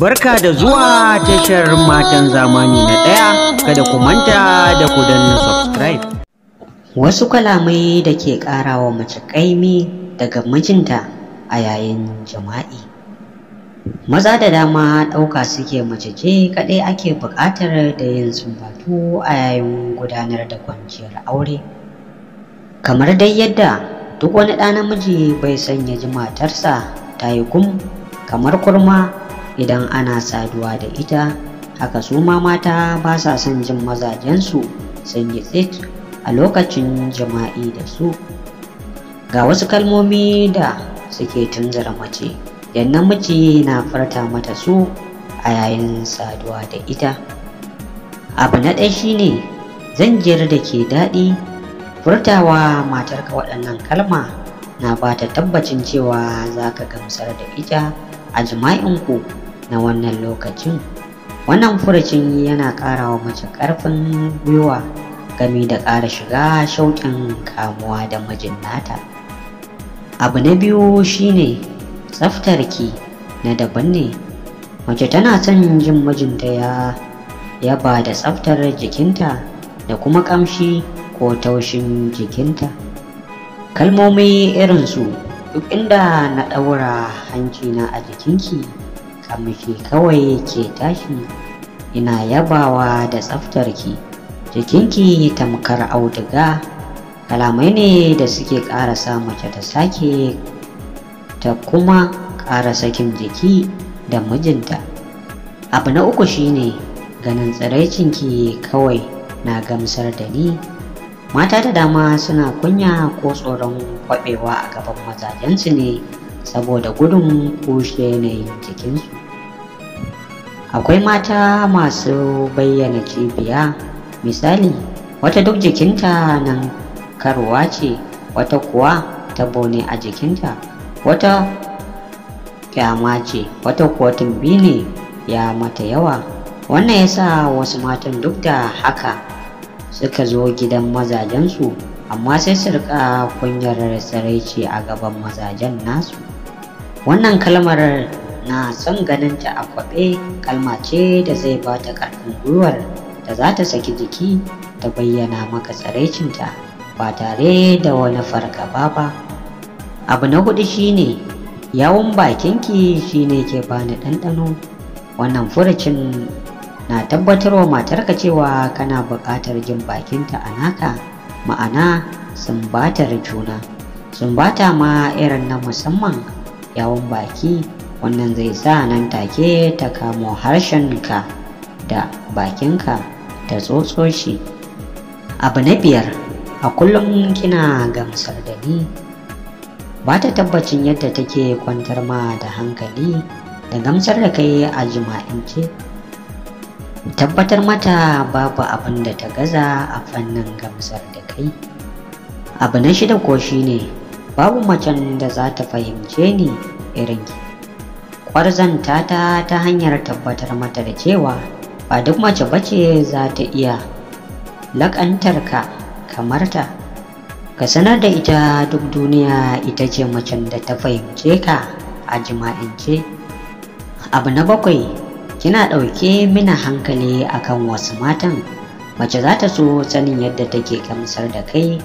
Barka da zuwa tashar matan zamani na ɗaya kada ku manta da ku danna subscribe. Wasu kalamai da ke ƙara wa mace ƙaimi daga mijinta a yayin jama'i. Maza da dama ɗauka suke mace ce kaɗai ake buƙatar da yin sumbatu a yayin gudanar da kwanciyar aure. Kamar dai yadda duk wani ɗa namiji bai sanya ji matarsa ta yi gum kamar kurma idan ana saduwa da ita haka su ma mata ba sa son jin mazajensu sun yi tsit a lokacin jima'i da su ga wasu kalmomi da suke tunzura mace idan namiji na farta mata su a yayin saduwa da ita abu na ɗaya shine zanjiyar da ke daɗi furtawa matarka waɗannan kalma na ba ta tabbacin cewa za ka gamsar da ita a jima'inku na wannan lokacin wannan furucin yana ƙara wa mace ƙarfin gwiwa game da ƙara shiga shauƙin kamuwa da mijin nata abu na biyu shine tsaftar ki na daban ne mace tana son jin mijinta ya ba da tsaftar jikinta da kuma ƙamshi ko taushin jikinta kalmomi irin su duk inda na ɗaura hancina a jikinki a kawai ke tashi ina yabawa da tsaftarki jikinki tamkar auduga kalamai ne da suke ƙara sa mace ta sake ta kuma ƙara sakin jiki da mijinta abu na uku shine ganin tsiraicin ki kawai na gamsar da ni mata da dama suna kunya ko tsoron kwaɓewa a gaban mazajensu ne saboda gudun kushe yanayin jikinsu akwai mata masu bayyana cibiya misali wata duk jikinta nan karuwa ce wata kuwa ta bone a jikinta wata kyama ce wata kuwa tumbi ne ya mata yawa wannan ya sa wasu matan duk da haka suka zo gidan mazajensu amma sai su rika kunyar ce a gaban mazajen nasu wannan kalmar na son ganin ta a kwaɓe kalma ce da zai ba ta ƙarfin gwiwar da za ta saki jiki ta bayyana maka tsaraicinta ba tare da wani fargaba ba abu na hudu shine yawon bakinki shine ke bani ɗanɗano wannan furucin na tabbatar wa matarka cewa kana buƙatar jin bakinta a naka ma'ana sumbatar juna sumbata ma irin na musamman yawon baki wannan zai sa nan take ta kamo harshenka da bakinka da tsotsoshi abu na biyar a kullum kina gamsar da ni ba ta tabbacin yadda take kwantar ma da hankali da gamsar da kai a jima'ince tabbatar mata babu abin da ta gaza a fannin gamsar da kai abu na shida ko shine babu macen da za ta fahimce ni irin ki ta ta hanyar tabbatar mata da cewa ba duk mace bace za ta iya lakantar ka kamar ta ka sanar da ita duk duniya ita ce macen da ta fahimce ka a jima'ince abu na bakwai kina ɗauke mina hankali akan wasu matan mace za ta so sanin yadda take gamsar da kai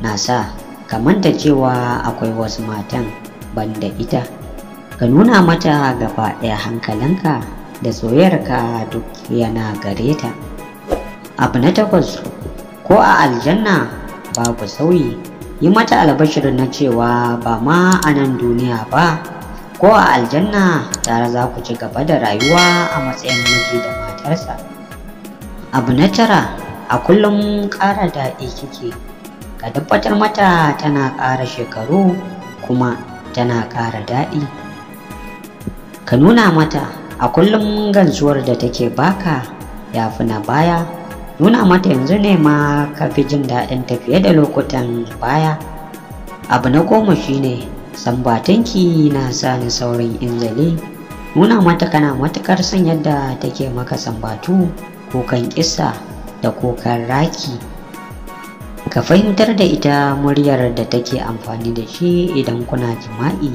na sa ka manta cewa akwai wasu matan banda ita ka nuna mata gaba ɗaya hankalinka da soyayyarka duk yana gare ta abu na takwas ko a aljanna babu sauyi yi mata albashir na cewa ba ma a nan duniya ba ko a aljanna tare za ku ci gaba da rayuwa a matsayin miji da matarsa abu na tara a kullum ƙara daɗi kike ka tabbatar mata tana ƙara shekaru kuma tana ƙara daɗi ka nuna mata a kullum gansuwar da take baka ya fi na baya nuna mata yanzu ne ma ka fi jin daɗin tafiye da lokutan baya abu na goma shine sambatanki na sani saurin inzali nuna mata kana matukar son yadda take maka sambatu kukan kisa da kukan raki ka fahimtar da ita muryar da take amfani da shi idan kuna jima'i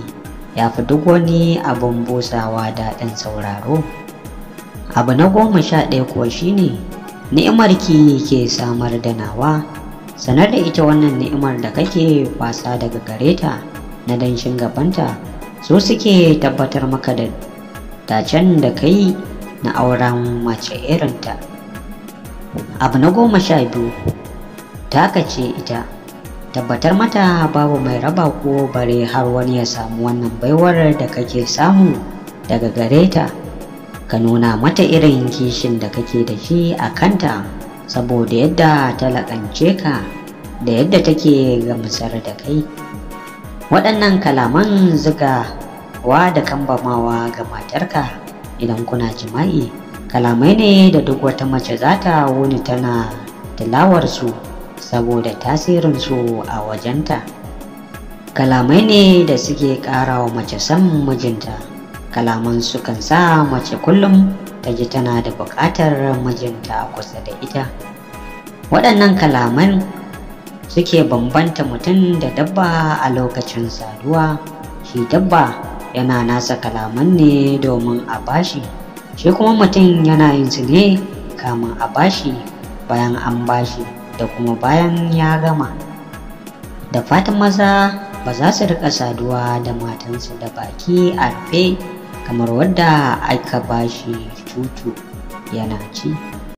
ya fi duk wani abin busawa da ɗan sauraro abu na goma sha ɗaya kuwa shine ki ke samar da nawa sanar da ita wannan ni'imar da kake kwasa daga gare ta na danshin gabanta su suke tabbatar maka da tacen da kai na auren mace irinta abu na goma sha biyu taka ce ita tabbatar mata babu mai raba ko bare har wani ya samu wannan baiwar da kake samu daga gare ta ka nuna mata irin kishin da kake da shi a kanta saboda yadda ta laƙance ka da yadda take gamsar da kai waɗannan kalaman zugawa da kambamawa ga matarka idan kuna jima'i kalamai ne da duk wata mace za ta wuni tana su. saboda tasirinsu a wajenta kalamai ne da suke ƙara wa mace san mijinta kalaman sukan sa mace kullum ta ji tana da buƙatar mijinta kusa da ita waɗannan kalaman suke bambanta mutum da dabba a lokacin saduwa shi dabba yana nasa kalaman ne domin a bashi shi kuma mutum yana yin su ne kamun a bashi bayan an bashi da kuma bayan ya gama da fatan maza ba za su rika saduwa da matansu da baki a rufe kamar wadda aka bashi tutu yana ci.